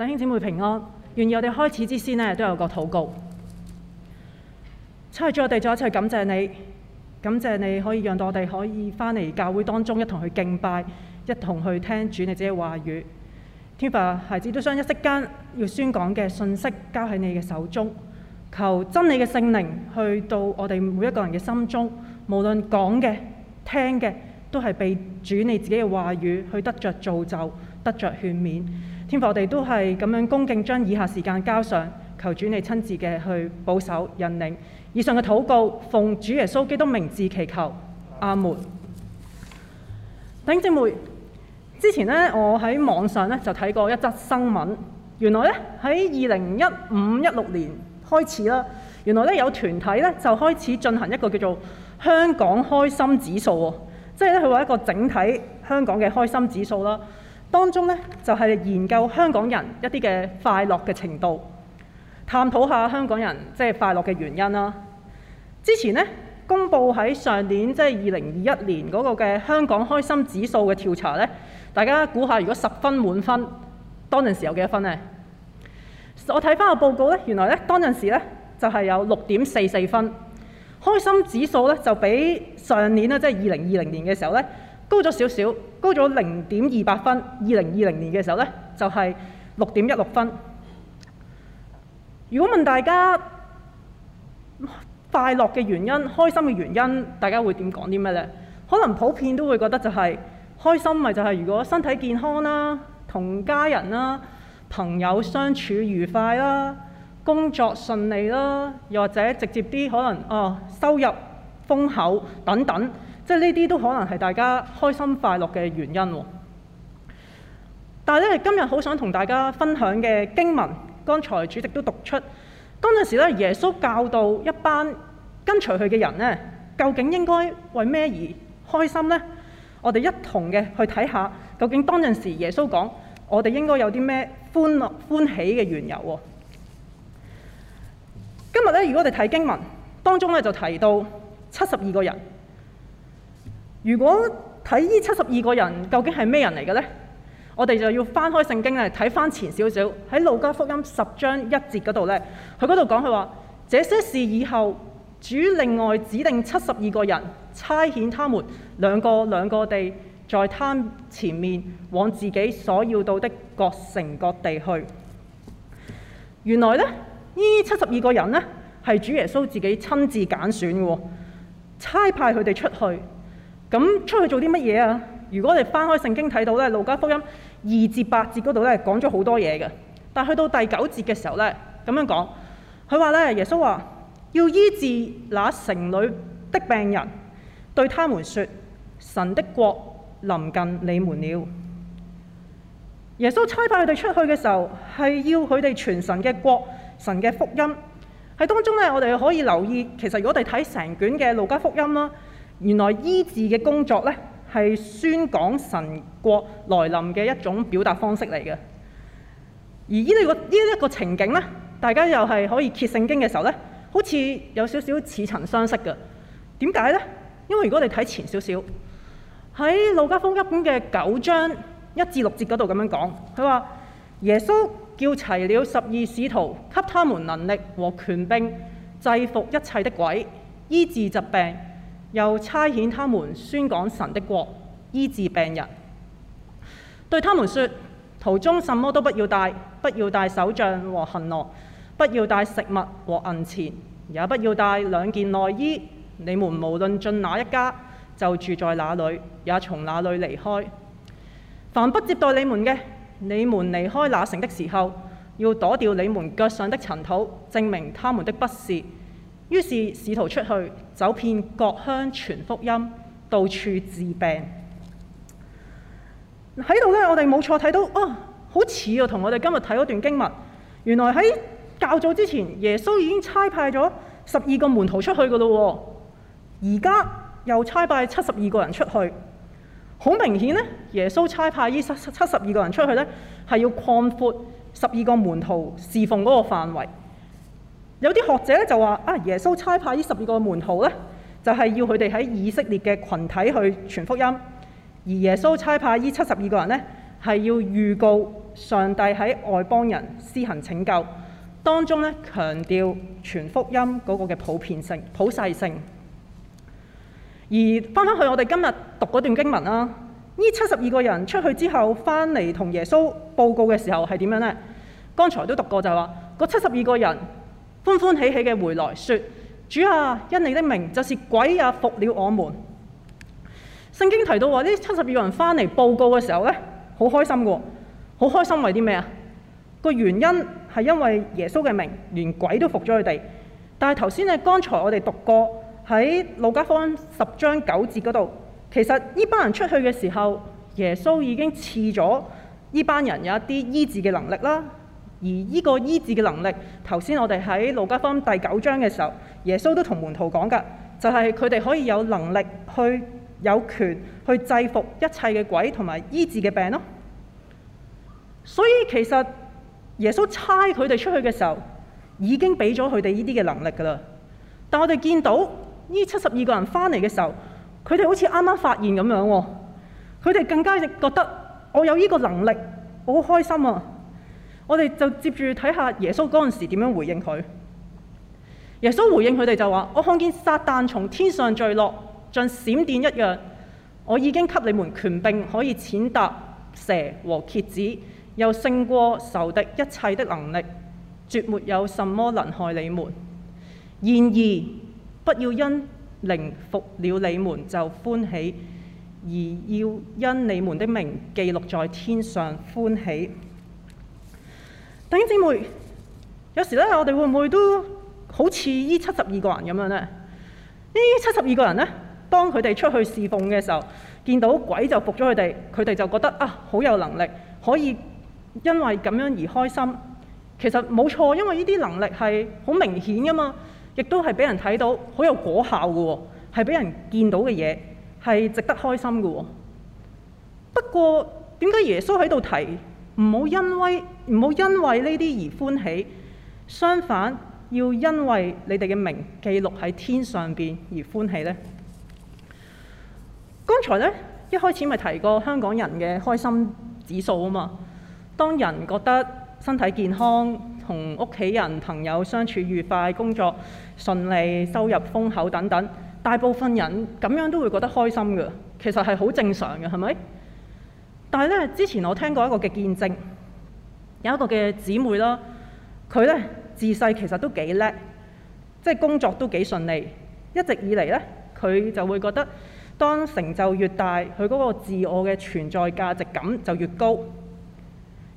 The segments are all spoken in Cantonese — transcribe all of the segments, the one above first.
等兄姊妹平安，原意我哋開始之先咧都有個禱告，出去咗我哋再一齊感謝你，感謝你可以讓到我哋可以翻嚟教會當中一同去敬拜，一同去聽主你自己嘅話語。天 a 孩子都想一息間要宣講嘅信息交喺你嘅手中，求真理嘅聖靈去到我哋每一個人嘅心中，無論講嘅、聽嘅，都係被主你自己嘅話語去得着造就，得着勸勉。天父，我哋都係咁樣恭敬，將以下時間交上，求主你親自嘅去保守引領。以上嘅禱告，奉主耶穌基督名字祈求，阿門。頂們姊妹，之前呢，我喺網上呢就睇過一則新聞，原來呢，喺二零一五一六年開始啦，原來呢，有團體呢就開始進行一個叫做香港開心指數喎，即係呢，佢話一個整體香港嘅開心指數啦。當中咧就係研究香港人一啲嘅快樂嘅程度，探討下香港人即係快樂嘅原因啦。之前咧公佈喺上年，即係二零二一年嗰個嘅香港開心指數嘅調查咧，大家估下如果十分滿分，當陣時有幾多分呢？我睇返個報告咧，原來咧當陣時咧就係有六點四四分，開心指數咧就比上年啦，即係二零二零年嘅時候咧。高咗少少，高咗零點二八分。二零二零年嘅時候呢，就係六點一六分。如果問大家快樂嘅原因，開心嘅原因，大家會點講啲咩呢？可能普遍都會覺得就係、是、開心咪就係如果身體健康啦、同家人啦、朋友相處愉快啦、工作順利啦，又或者直接啲可能哦收入豐厚等等。即係呢啲都可能係大家開心快樂嘅原因喎。但係咧，今日好想同大家分享嘅經文，剛才主席都讀出。當陣時咧，耶穌教導一班跟隨佢嘅人咧，究竟應該為咩而開心呢？我哋一同嘅去睇下，究竟當陣時耶穌講，我哋應該有啲咩歡樂、歡喜嘅緣由喎？今日咧，如果我哋睇經文，當中咧就提到七十二個人。如果睇呢七十二個人，究竟係咩人嚟嘅呢？我哋就要翻開聖經咧，睇翻前少少，喺路加福音十章一節嗰度呢，佢嗰度講佢話：這些事以後，主另外指定七十二個人，差遣他們兩個兩個地在他前面，往自己所要到的各城各地去。原來呢，呢七十二個人呢，係主耶穌自己親自揀選嘅，差派佢哋出去。咁出去做啲乜嘢啊？如果你哋翻開聖經睇到咧，路加福音二至八節嗰度咧，講咗好多嘢嘅。但去到第九節嘅時候咧，咁樣講，佢話咧，耶穌話要醫治那城裏的病人，對他們説：神的國臨近你們了。耶穌差派佢哋出去嘅時候，係要佢哋傳神嘅國、神嘅福音。喺當中咧，我哋可以留意，其實如果我哋睇成卷嘅路加福音啦。原來醫治嘅工作呢，係宣講神國來臨嘅一種表達方式嚟嘅。而呢、這、一個呢一、這個情景呢，大家又係可以揭聖經嘅時候呢，好似有少少似曾相識嘅。點解呢？因為如果你睇前少少喺路加福音一本嘅九章一至六節嗰度咁樣講，佢話耶穌叫齊了十二使徒，給他們能力和權柄，制服一切的鬼，醫治疾病。又差遣他們宣講神的國，醫治病人。對他們說：途中什麼都不要帶，不要帶手杖和行囊，不要帶食物和銀錢，也不要帶兩件內衣。你們無論進哪一家，就住在那裡，也從那裡離開。凡不接待你們嘅，你們離開那城的時候，要躲掉你們腳上的塵土，證明他們的不是。於是試圖出去。走遍各鄉傳福音，到處治病。喺度咧，我哋冇錯睇到，哦、啊，好似啊，同我哋今日睇嗰段經文。原來喺較早之前，耶穌已經差派咗十二個門徒出去噶咯。而家又差派七十二個人出去，好明顯咧，耶穌差派依七十二個人出去咧，係要擴闊十二個門徒侍奉嗰個範圍。有啲學者咧就話：啊，耶穌差派呢十二個門徒咧，就係要佢哋喺以色列嘅群體去傳福音；而耶穌差派呢七十二個人咧，係要預告上帝喺外邦人施行拯救。當中咧強調傳福音嗰個嘅普遍性、普世性。而翻返去我哋今日讀嗰段經文啦，呢七十二個人出去之後，翻嚟同耶穌報告嘅時候係點樣呢？剛才都讀過就，就係話嗰七十二個人。歡歡喜喜嘅回來，說：主啊，因你的名，就是鬼也、啊、服了我們。聖經提到話，呢七十二人翻嚟報告嘅時候咧，好開心噶，好開心為啲咩啊？個原因係因為耶穌嘅名，連鬼都服咗佢哋。但係頭先咧，剛才我哋讀過喺路加福音十章九節嗰度，其實呢班人出去嘅時候，耶穌已經賜咗呢班人有一啲醫治嘅能力啦。而呢個醫治嘅能力，頭先我哋喺路加福音第九章嘅時候，耶穌都同門徒講㗎，就係佢哋可以有能力去有權去制服一切嘅鬼同埋醫治嘅病咯。所以其實耶穌差佢哋出去嘅時候，已經俾咗佢哋呢啲嘅能力㗎啦。但我哋見到呢七十二個人翻嚟嘅時候，佢哋好似啱啱發現咁樣，佢哋更加亦覺得我有呢個能力，我好開心啊！我哋就接住睇下耶穌嗰陣時點樣回應佢。耶穌回應佢哋就話： 我看見撒但從天上墜落，像閃電一樣。我已經給你們權柄可以踐踏蛇和蠍子，又勝過仇敵一切的能力，絕沒有什麼能害你們。然而不要因靈服了你們就歡喜，而要因你們的名記錄在天上歡喜。弟兄姊妹，有時咧，我哋會唔會都好似呢七十二個人咁樣呢？呢七十二個人呢，當佢哋出去侍奉嘅時候，見到鬼就服咗佢哋，佢哋就覺得啊，好有能力，可以因為咁樣而開心。其實冇錯，因為呢啲能力係好明顯噶嘛，亦都係俾人睇到好有果效嘅喎、哦，係俾人見到嘅嘢係值得開心嘅、哦。不過點解耶穌喺度提唔好因為？唔好因為呢啲而歡喜，相反要因為你哋嘅名記錄喺天上邊而歡喜呢。剛才咧，一開始咪提過香港人嘅開心指數啊嘛，當人覺得身體健康、同屋企人朋友相處愉快、工作順利、收入豐厚等等，大部分人咁樣都會覺得開心嘅，其實係好正常嘅，係咪？但係咧，之前我聽過一個嘅見證。有一個嘅姊妹啦，佢咧自細其實都幾叻，即係工作都幾順利。一直以嚟咧，佢就會覺得當成就越大，佢嗰個自我嘅存在價值感就越高。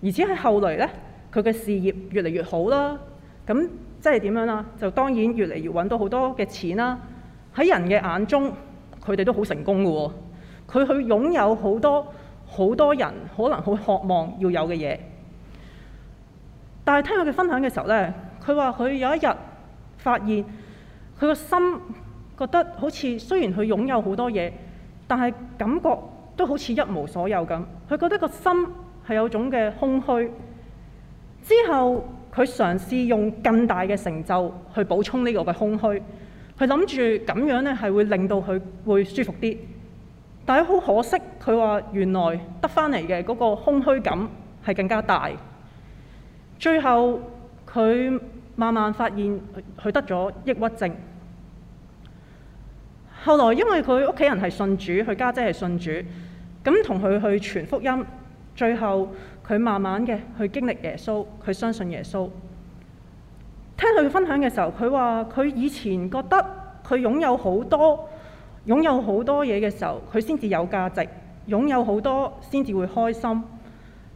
而且喺後來咧，佢嘅事業越嚟越好啦。咁即係點樣啦？就當然越嚟越揾到好多嘅錢啦。喺人嘅眼中，佢哋都好成功嘅。佢去擁有好多好多人可能好渴望要有嘅嘢。但係聽佢嘅分享嘅時候呢，佢話佢有一日發現佢個心覺得好似雖然佢擁有好多嘢，但係感覺都好似一無所有咁。佢覺得個心係有種嘅空虛。之後佢嘗試用更大嘅成就去補充呢個嘅空虛，佢諗住咁樣呢係會令到佢會舒服啲。但係好可惜，佢話原來得翻嚟嘅嗰個空虛感係更加大。最後佢慢慢發現佢得咗抑鬱症。後來因為佢屋企人係信主，佢家姐係信主，咁同佢去傳福音。最後佢慢慢嘅去經歷耶穌，佢相信耶穌。聽佢分享嘅時候，佢話佢以前覺得佢擁有好多，擁有好多嘢嘅時候，佢先至有價值，擁有好多先至會開心。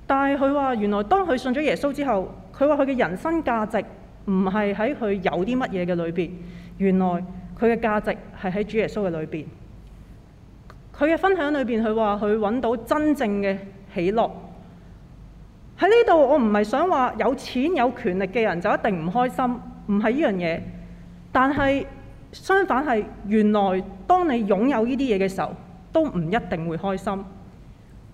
但係佢話，原來當佢信咗耶穌之後，佢話佢嘅人生價值唔係喺佢有啲乜嘢嘅裏邊，原來佢嘅價值係喺主耶穌嘅裏邊。佢嘅分享裏邊，佢話佢揾到真正嘅喜樂。喺呢度，我唔係想話有錢有權力嘅人就一定唔開心，唔係呢樣嘢。但係相反係，原來當你擁有呢啲嘢嘅時候，都唔一定會開心。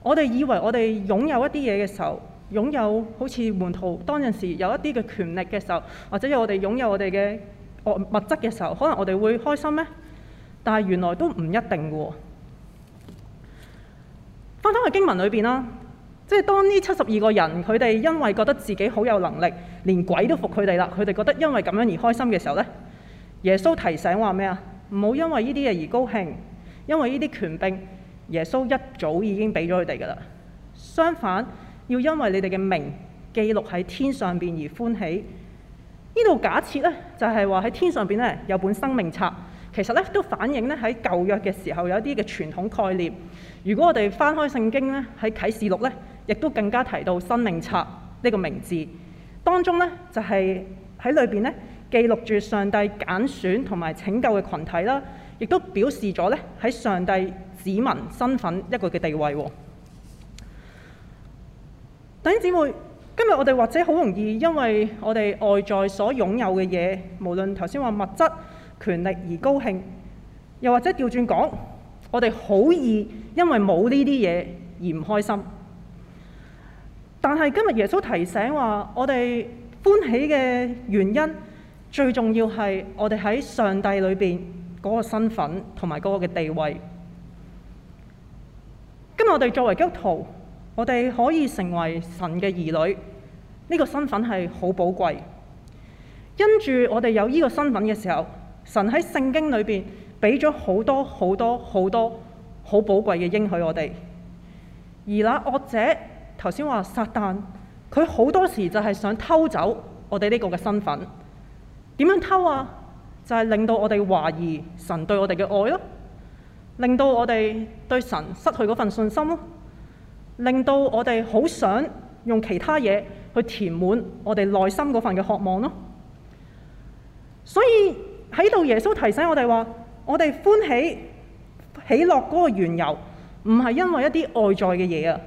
我哋以為我哋擁有一啲嘢嘅時候，擁有好似門徒當陣時有一啲嘅權力嘅時候，或者有我哋擁有我哋嘅物質嘅時候，可能我哋會開心咩？但係原來都唔一定嘅喎。翻返去經文裏邊啦，即係當呢七十二個人佢哋因為覺得自己好有能力，連鬼都服佢哋啦，佢哋覺得因為咁樣而開心嘅時候咧，耶穌提醒話咩啊？唔好因為呢啲嘢而高興，因為呢啲權柄。耶穌一早已經俾咗佢哋噶啦，相反，要因為你哋嘅名記錄喺天上邊而歡喜。呢度假設呢，就係話喺天上邊呢，有本生命冊，其實呢，都反映呢，喺舊約嘅時候有一啲嘅傳統概念。如果我哋翻開聖經呢，喺啟示錄呢，亦都更加提到生命冊呢個名字，當中呢，就係喺裏邊呢。記錄住上帝揀選同埋拯救嘅群體啦，亦都表示咗咧喺上帝子民身份一個嘅地位。弟兄姊妹，今日我哋或者好容易，因為我哋外在所擁有嘅嘢，無論頭先話物質、權力而高興，又或者調轉講，我哋好易因為冇呢啲嘢而唔開心。但係今日耶穌提醒話，我哋歡喜嘅原因。最重要係我哋喺上帝裏邊嗰個身份同埋嗰個嘅地位。今日我哋作為基督徒，我哋可以成為神嘅兒女，呢個身份係好寶貴。因住我哋有呢個身份嘅時候，神喺聖經裏邊俾咗好多好多好多好寶貴嘅應許我哋。而那惡者頭先話撒旦，佢好多時就係想偷走我哋呢個嘅身份。點樣偷啊？就係令到我哋懷疑神對我哋嘅愛咯，令到我哋對神失去嗰份信心咯，令到我哋好想用其他嘢去填滿我哋內心嗰份嘅渴望咯。所以喺度，耶穌提醒我哋話，我哋歡喜喜樂嗰個緣由，唔係因為一啲外在嘅嘢啊，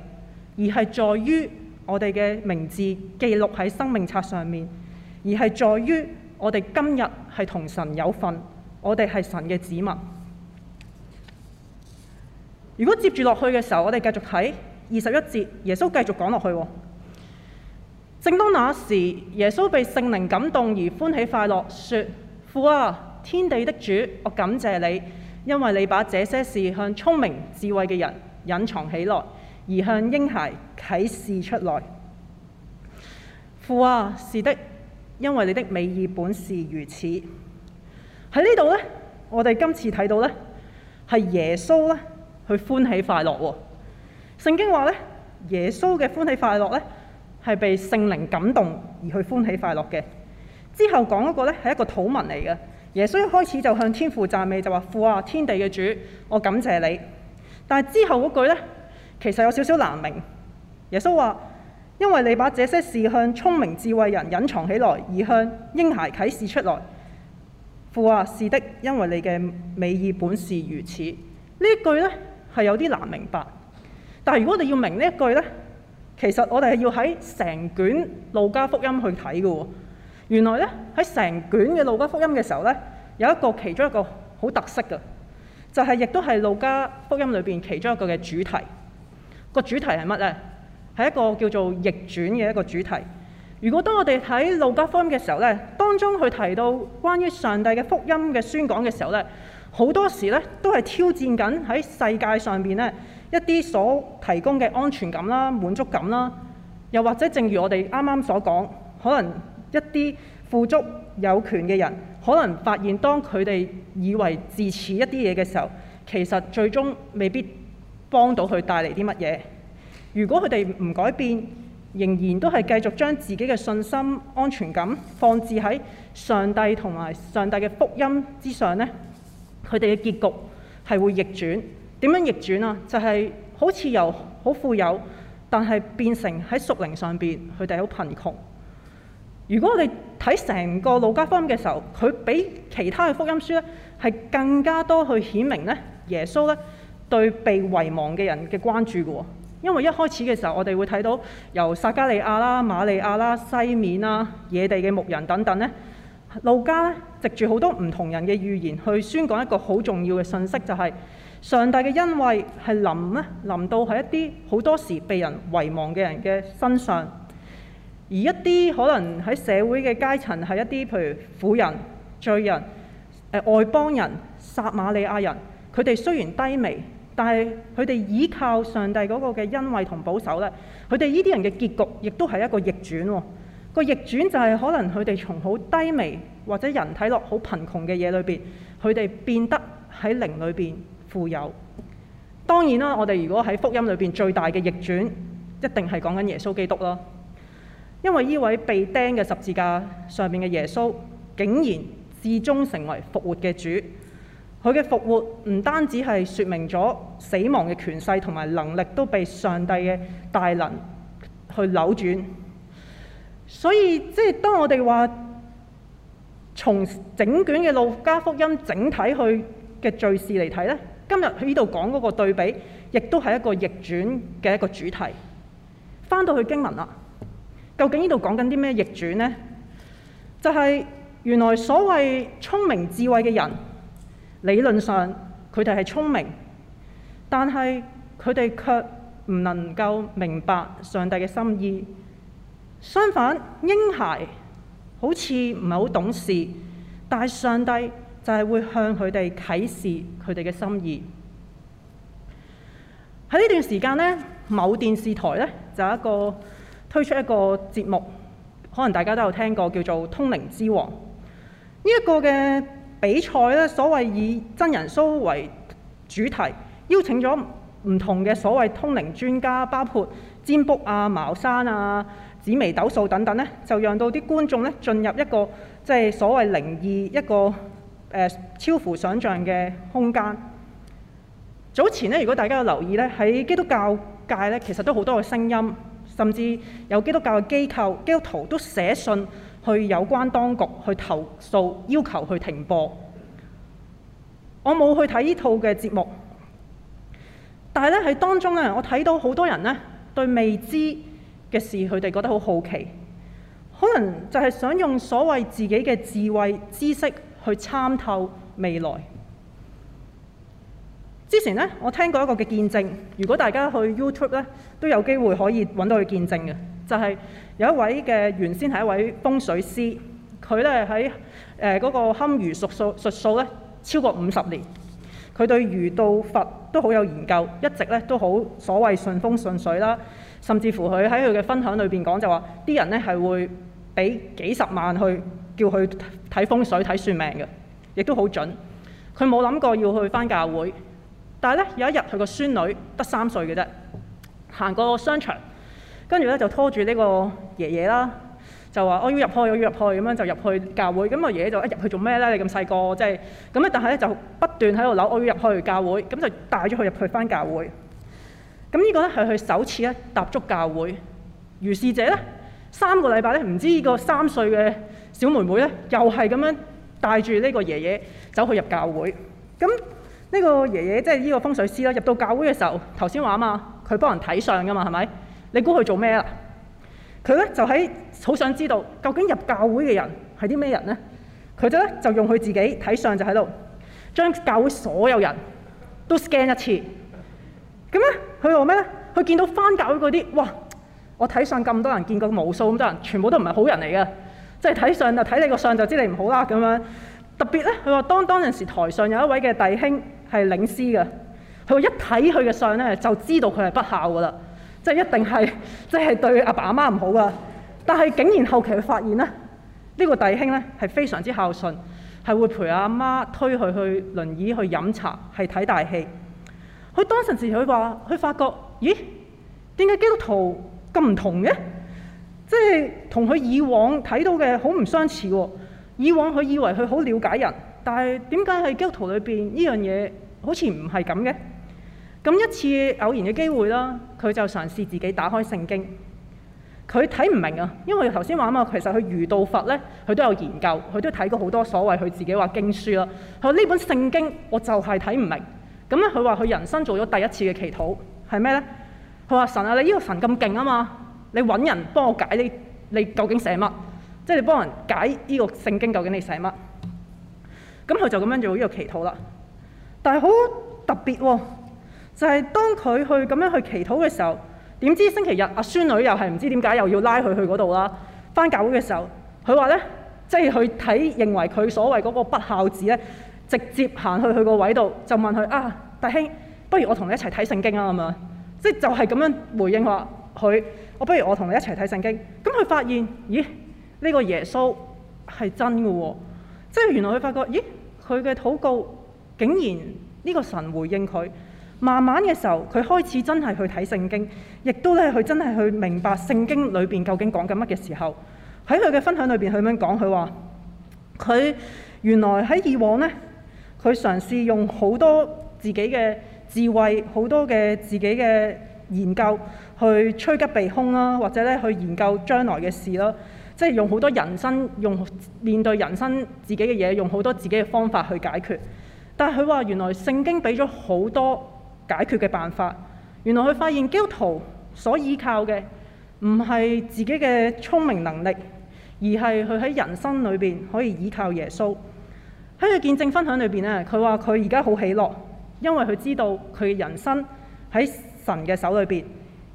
而係在於我哋嘅名字記錄喺生命冊上面，而係在於。我哋今日係同神有份，我哋係神嘅子民。如果接住落去嘅時候，我哋繼續睇，二十一節，耶穌繼續講落去。正當那時，耶穌被聖靈感動而歡喜快樂，說：父啊，天地的主，我感謝你，因為你把這些事向聰明智慧嘅人隱藏起來，而向嬰孩啟示出來。父啊，是的。因為你的美意本是如此。喺呢度呢，我哋今次睇到呢，係耶穌呢去歡喜快樂。聖經話呢，耶穌嘅歡喜快樂呢，係被聖靈感動而去歡喜快樂嘅。之後講嗰個呢，係一個土文嚟嘅，耶穌一開始就向天父讚美就話，父啊，天地嘅主，我感謝你。但係之後嗰句呢，其實有少少難明。耶穌話。因為你把這些事向聰明智慧人隱藏起來，而向嬰孩啟示出來。父啊，是的，因為你嘅美意本是如此。呢一句呢係有啲難明白，但係如果你要明呢一句呢，其實我哋係要喺成卷路加福音去睇嘅喎。原來呢，喺成卷嘅路加福音嘅時候呢，有一個其中一個好特色嘅，就係亦都係路加福音裏邊其中一個嘅主題。個主題係乜呢？係一個叫做逆轉嘅一個主題。如果當我哋喺路加福音嘅時候咧，當中佢提到關於上帝嘅福音嘅宣講嘅時候咧，好多時咧都係挑戰緊喺世界上邊咧一啲所提供嘅安全感啦、滿足感啦，又或者正如我哋啱啱所講，可能一啲富足有權嘅人，可能發現當佢哋以為自持一啲嘢嘅時候，其實最終未必幫到佢帶嚟啲乜嘢。如果佢哋唔改變，仍然都係繼續將自己嘅信心安全感放置喺上帝同埋上帝嘅福音之上，呢佢哋嘅結局係會逆轉。點樣逆轉啊？就係、是、好似由好富有，但係變成喺屬靈上邊，佢哋好貧窮。如果我哋睇成個路加福音嘅時候，佢比其他嘅福音書呢係更加多去顯明呢耶穌呢對被遺忘嘅人嘅關注嘅。因為一開始嘅時候，我哋會睇到由撒加利亞啦、瑪利亞啦、西面啦、野地嘅牧人等等咧，路加咧，藉住好多唔同人嘅預言去宣講一個好重要嘅信息，就係、是、上帝嘅恩惠係臨咧，臨到係一啲好多時被人遺忘嘅人嘅身上，而一啲可能喺社會嘅階層係一啲譬如婦人、罪人、誒、呃、外邦人、撒瑪利亞人，佢哋雖然低微。但係佢哋依靠上帝嗰個嘅恩惠同保守咧，佢哋呢啲人嘅結局亦都係一個逆轉喎、哦。這個逆轉就係可能佢哋從好低微或者人睇落好貧窮嘅嘢裏邊，佢哋變得喺靈裏邊富有。當然啦，我哋如果喺福音裏邊最大嘅逆轉，一定係講緊耶穌基督咯。因為呢位被釘嘅十字架上面嘅耶穌，竟然至終成為復活嘅主。佢嘅復活唔單止係説明咗死亡嘅權勢同埋能力都被上帝嘅大能去扭轉，所以即係當我哋話從整卷嘅路加福音整體去嘅敘事嚟睇呢，今日喺呢度講嗰個對比，亦都係一個逆轉嘅一個主題。翻到去經文啦，究竟呢度講緊啲咩逆轉呢？就係、是、原來所謂聰明智慧嘅人。理論上佢哋係聰明，但係佢哋卻唔能夠明白上帝嘅心意。相反，嬰孩好似唔係好懂事，但係上帝就係會向佢哋啟示佢哋嘅心意。喺呢段時間呢，某電視台呢就有一個推出一個節目，可能大家都有聽過，叫做《通靈之王》。呢一個嘅比賽咧，所謂以真人騷為主題，邀請咗唔同嘅所謂通靈專家，包括占卜啊、茅山啊、紫微斗數等等咧，就讓到啲觀眾咧進入一個即係所謂靈異一個誒、呃、超乎想象嘅空間。早前咧，如果大家有留意咧，喺基督教界咧，其實都好多嘅聲音，甚至有基督教嘅機構、基督徒都寫信。去有關當局去投訴，要求去停播。我冇去睇呢套嘅節目，但係咧喺當中咧，我睇到好多人呢對未知嘅事，佢哋覺得好好奇，可能就係想用所謂自己嘅智慧知識去參透未來。之前呢，我聽過一個嘅見證，如果大家去 YouTube 咧，都有機會可以揾到佢見證嘅。就係有一位嘅原先係一位風水師，佢咧喺誒嗰個堪輿術數術數咧超過五十年，佢對儒道佛都好有研究，一直咧都好所謂順風順水啦。甚至乎佢喺佢嘅分享裏邊講就話，啲人咧係會俾幾十萬去叫佢睇風水睇算命嘅，亦都好準。佢冇諗過要去翻教會，但係咧有一日佢個孫女得三歲嘅啫，行過商場。跟住咧就拖住呢個爺爺啦，就話我要入去，我要入去，咁樣就入去教會。咁啊爺爺就一入、哎、去做咩咧？你咁細個，即係咁咧。但係咧就不斷喺度扭，我要入去教會。咁就帶咗佢入去返教會。咁呢個咧係佢首次咧踏足教會。如是者咧三個禮拜咧，唔知呢個三歲嘅小妹妹咧，又係咁樣帶住呢個爺爺走去入教會。咁呢個爺爺即係呢個風水師啦。入到教會嘅時候，頭先話啊嘛，佢幫人睇相㗎嘛，係咪？你估佢做咩啦？佢咧就喺好想知道究竟入教會嘅人係啲咩人咧？佢咧就用佢自己睇相，就喺度將教會所有人都 scan 一次。咁咧，佢話咩咧？佢見到番教會嗰啲，哇，我睇相咁多人見過，無數咁多人，全部都唔係好人嚟嘅。即係睇相就睇你個相就知你唔好啦咁樣。特別咧，佢話當當陣時台上有一位嘅弟兄係領師嘅，佢話一睇佢嘅相咧就知道佢係不孝噶啦。即係一定係，即係對阿爸阿媽唔好噶。但係竟然後期佢發現咧，呢個弟兄咧係非常之孝順，係會陪阿媽推佢去輪椅去飲茶，係睇大戲。佢當陣時佢話，佢發覺，咦？點解基督徒咁唔同嘅？即係同佢以往睇到嘅好唔相似喎。以往佢以為佢好了解人，但係點解喺基督徒裏邊呢樣嘢好似唔係咁嘅？咁一次偶然嘅機會啦，佢就嘗試自己打開聖經，佢睇唔明啊！因為佢頭先話啊嘛，其實佢遇到佛儒道佛咧，佢都有研究，佢都睇過好多所謂佢自己話經書啦。佢話呢本聖經我就係睇唔明。咁咧，佢話佢人生做咗第一次嘅祈禱係咩咧？佢話神啊，你呢個神咁勁啊嘛，你揾人幫我解你，你究竟寫乜？即係你幫人解呢個聖經究竟你寫乜？咁佢就咁樣做呢個祈禱啦。但係好特別喎、啊。就係當佢去咁樣去祈禱嘅時候，點知星期日阿孫、啊、女又係唔知點解又要拉佢去嗰度啦。返教會嘅時候，佢話呢，即係去睇認為佢所謂嗰個不孝子呢，直接行去佢個位度就問佢啊，大兄，不如我同你一齊睇聖經啊咁啊，即係就係、是、咁樣回應話佢，我不如我同你一齊睇聖經。咁佢發現，咦？呢、這個耶穌係真嘅喎、哦，即係原來佢發覺，咦？佢嘅禱告竟然呢個神回應佢。慢慢嘅時候，佢開始真係去睇聖經，亦都咧佢真係去明白聖經裏邊究竟講緊乜嘅時候，喺佢嘅分享裏邊，佢咁樣講：佢話佢原來喺以往呢，佢嘗試用好多自己嘅智慧，好多嘅自己嘅研究去趨吉避凶啦，或者咧去研究將來嘅事啦，即係用好多人生用面對人生自己嘅嘢，用好多自己嘅方法去解決。但係佢話原來聖經俾咗好多。解決嘅辦法，原來佢發現基督徒所依靠嘅唔係自己嘅聰明能力，而係佢喺人生裏邊可以依靠耶穌。喺佢見證分享裏邊咧，佢話佢而家好喜樂，因為佢知道佢嘅人生喺神嘅手裏邊。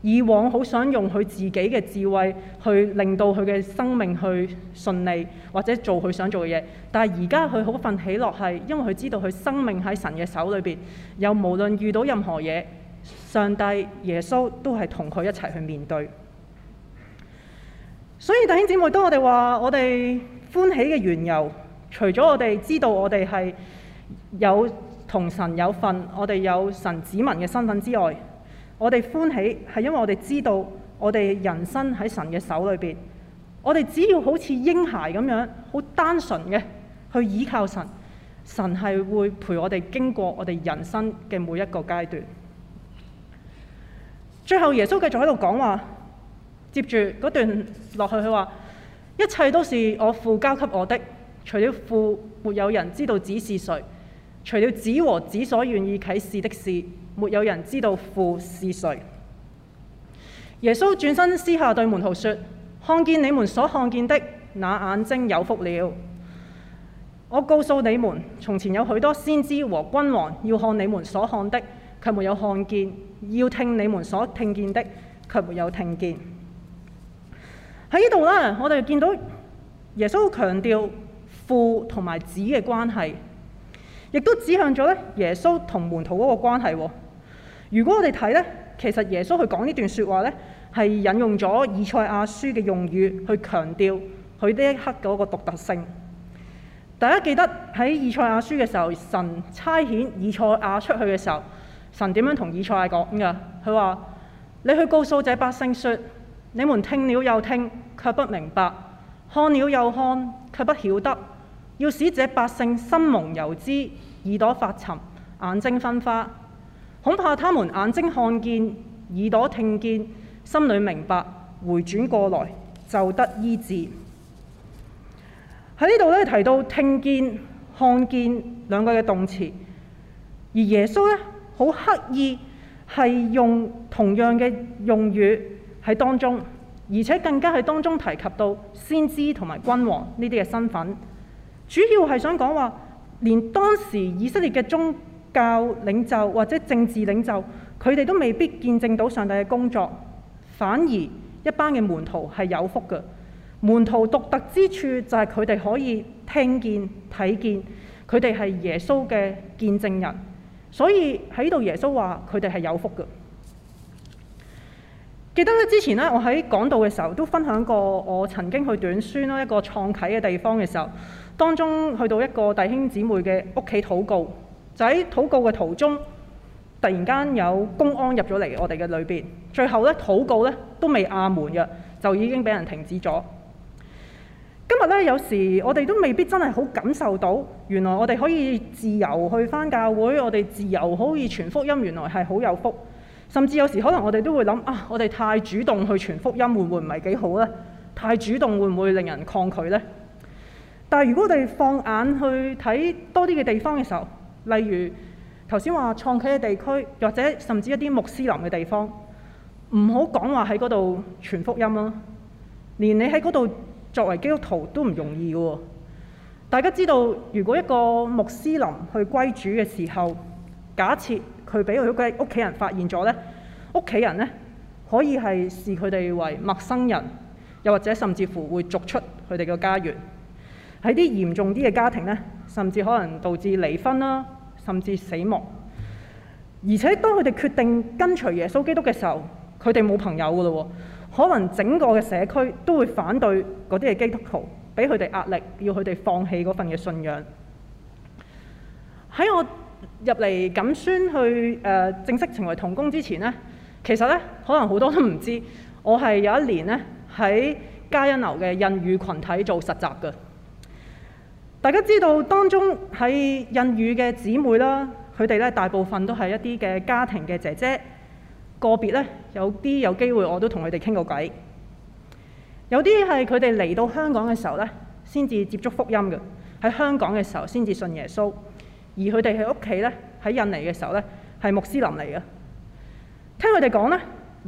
以往好想用佢自己嘅智慧去令到佢嘅生命去順利，或者做佢想做嘅嘢。但係而家佢好份喜樂係因為佢知道佢生命喺神嘅手裏邊，又無論遇到任何嘢，上帝耶穌都係同佢一齊去面對。所以弟兄姊妹，當我哋話我哋歡喜嘅緣由，除咗我哋知道我哋係有同神有份，我哋有神子民嘅身份之外，我哋歡喜係因為我哋知道我哋人生喺神嘅手裏邊，我哋只要好似嬰孩咁樣，好單純嘅去倚靠神，神係會陪我哋經過我哋人生嘅每一個階段。最後耶穌繼續喺度講話，接住嗰段落去，佢話：一切都是我父交給我的，除了父沒有人知道子是誰，除了子和子所願意啟示的事。沒有人知道父是誰。耶穌轉身私下對門徒說：看見你們所看見的，那眼睛有福了。我告訴你們，從前有許多先知和君王要看你們所看的，卻沒有看見；要聽你們所聽見的，卻沒有聽見。喺呢度咧，我哋見到耶穌強調父同埋子嘅關係，亦都指向咗耶穌同門徒嗰個關係。如果我哋睇呢，其實耶穌佢講呢段説話呢，係引用咗以賽亞書嘅用語去強調佢呢一刻嗰個獨特性。大家記得喺以賽亞書嘅時候，神差遣以賽亞出去嘅時候，神點樣同以賽亞講㗎？佢話：你去告訴這百姓說，你們聽了又聽，卻不明白；看了又看，卻不曉得。要使這百姓心蒙油脂，耳朵發沉，眼睛昏花。恐怕他們眼睛看見，耳朵聽見，心裏明白，回轉過來就得醫治。喺呢度咧提到聽見看見兩個嘅動詞，而耶穌咧好刻意係用同樣嘅用語喺當中，而且更加喺當中提及到先知同埋君王呢啲嘅身份，主要係想講話，連當時以色列嘅中教領袖或者政治領袖，佢哋都未必見證到上帝嘅工作，反而一班嘅門徒係有福嘅。門徒獨特之處就係佢哋可以聽見、睇見，佢哋係耶穌嘅見證人，所以喺呢度耶穌話佢哋係有福嘅。記得咧之前咧，我喺講道嘅時候都分享過，我曾經去短宣啦一個創啟嘅地方嘅時候，當中去到一個弟兄姊妹嘅屋企禱告。喺禱告嘅途中，突然間有公安入咗嚟，我哋嘅裏邊最後咧禱告咧都未亞門嘅，就已經俾人停止咗。今日咧，有時我哋都未必真係好感受到，原來我哋可以自由去返教會，我哋自由可以傳福音，原來係好有福。甚至有時可能我哋都會諗啊，我哋太主動去傳福音，會唔會唔係幾好咧？太主動會唔會令人抗拒咧？但係如果我哋放眼去睇多啲嘅地方嘅時候，例如頭先話創啟嘅地區，或者甚至一啲穆斯林嘅地方，唔好講話喺嗰度傳福音咯。連你喺嗰度作為基督徒都唔容易嘅喎。大家知道，如果一個穆斯林去歸主嘅時候，假設佢俾佢屋企人發現咗呢，屋企人呢可以係視佢哋為陌生人，又或者甚至乎會逐出佢哋嘅家園。喺啲嚴重啲嘅家庭呢。甚至可能導致離婚啦，甚至死亡。而且當佢哋決定跟隨耶穌基督嘅時候，佢哋冇朋友噶咯喎，可能整個嘅社區都會反對嗰啲嘅基督徒，俾佢哋壓力，要佢哋放棄嗰份嘅信仰。喺我入嚟錦宣去誒、呃、正式成為同工之前呢，其實呢，可能好多都唔知，我係有一年呢，喺嘉欣樓嘅印語群體做實習嘅。大家知道，當中喺印尼嘅姊妹啦，佢哋咧大部分都係一啲嘅家庭嘅姐姐，個別咧有啲有機會我都同佢哋傾過偈。有啲係佢哋嚟到香港嘅時候咧，先至接觸福音嘅；喺香港嘅時候先至信耶穌，而佢哋喺屋企咧喺印尼嘅時候咧係穆斯林嚟嘅。聽佢哋講咧，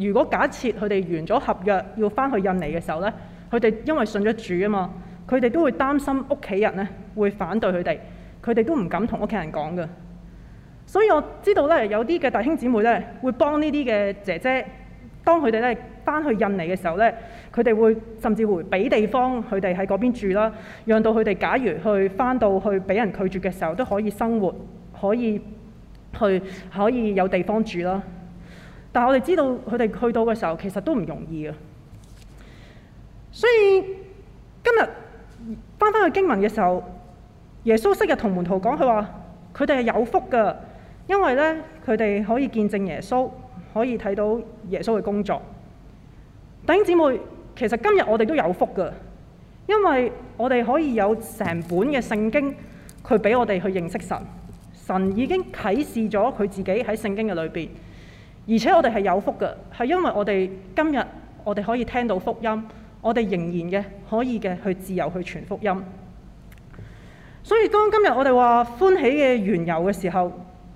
如果假設佢哋完咗合約要翻去印尼嘅時候咧，佢哋因為信咗主啊嘛。佢哋都會擔心屋企人咧會反對佢哋，佢哋都唔敢同屋企人講嘅。所以我知道咧，有啲嘅弟兄姊妹咧會幫呢啲嘅姐姐，當佢哋咧翻去印尼嘅時候咧，佢哋會甚至會俾地方佢哋喺嗰邊住啦，讓到佢哋假如去翻到去俾人拒絕嘅時候都可以生活，可以去可以有地方住啦。但係我哋知道佢哋去到嘅時候其實都唔容易啊。所以今日，翻翻去經文嘅時候，耶穌昔日同門徒講，佢話佢哋係有福噶，因為呢，佢哋可以見證耶穌，可以睇到耶穌嘅工作。弟兄姊妹，其實今日我哋都有福噶，因為我哋可以有成本嘅聖經，佢俾我哋去認識神，神已經啟示咗佢自己喺聖經嘅裏邊，而且我哋係有福噶，係因為我哋今日我哋可以聽到福音。我哋仍然嘅可以嘅去自由去傳福音，所以當今日我哋話歡喜嘅緣由嘅時候，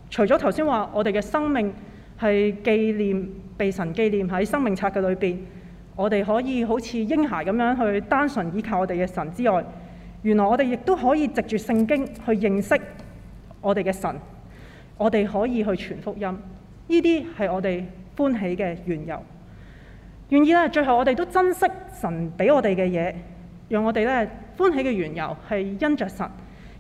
除咗頭先話我哋嘅生命係紀念被神紀念喺生命冊嘅裏邊，我哋可以好似嬰孩咁樣去單純依靠我哋嘅神之外，原來我哋亦都可以藉住聖經去認識我哋嘅神，我哋可以去傳福音，呢啲係我哋歡喜嘅緣由。願意咧，最後我哋都珍惜神俾我哋嘅嘢，讓我哋咧歡喜嘅緣由係因着神。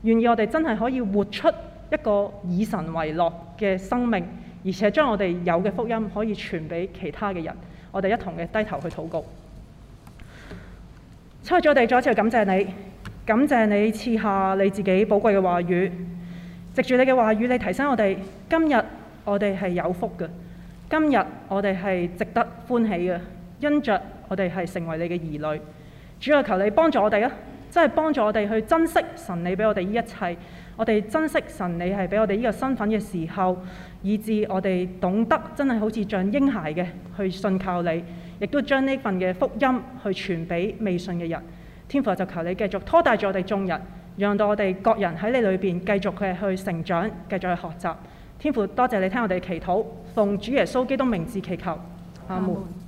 願意我哋真係可以活出一個以神為樂嘅生命，而且將我哋有嘅福音可以傳俾其他嘅人。我哋一同嘅低頭去禱告。差咗地再一次感謝你，感謝你賜下你自己寶貴嘅話語。藉住你嘅話語，你提醒我哋，今日我哋係有福嘅，今日我哋係值得歡喜嘅。因着我哋係成為你嘅兒女，主要求你幫助我哋啊，即係幫助我哋去珍惜神你俾我哋呢一切，我哋珍惜神你係俾我哋呢個身份嘅時候，以致我哋懂得真係好似像嬰孩嘅去信靠你，亦都將呢份嘅福音去傳俾未信嘅人。天父就求你繼續拖帶住我哋眾人，讓到我哋各人喺你裏邊繼續去成長，繼續去學習。天父多謝你聽我哋嘅祈禱，奉主耶穌基督名字祈求，阿門。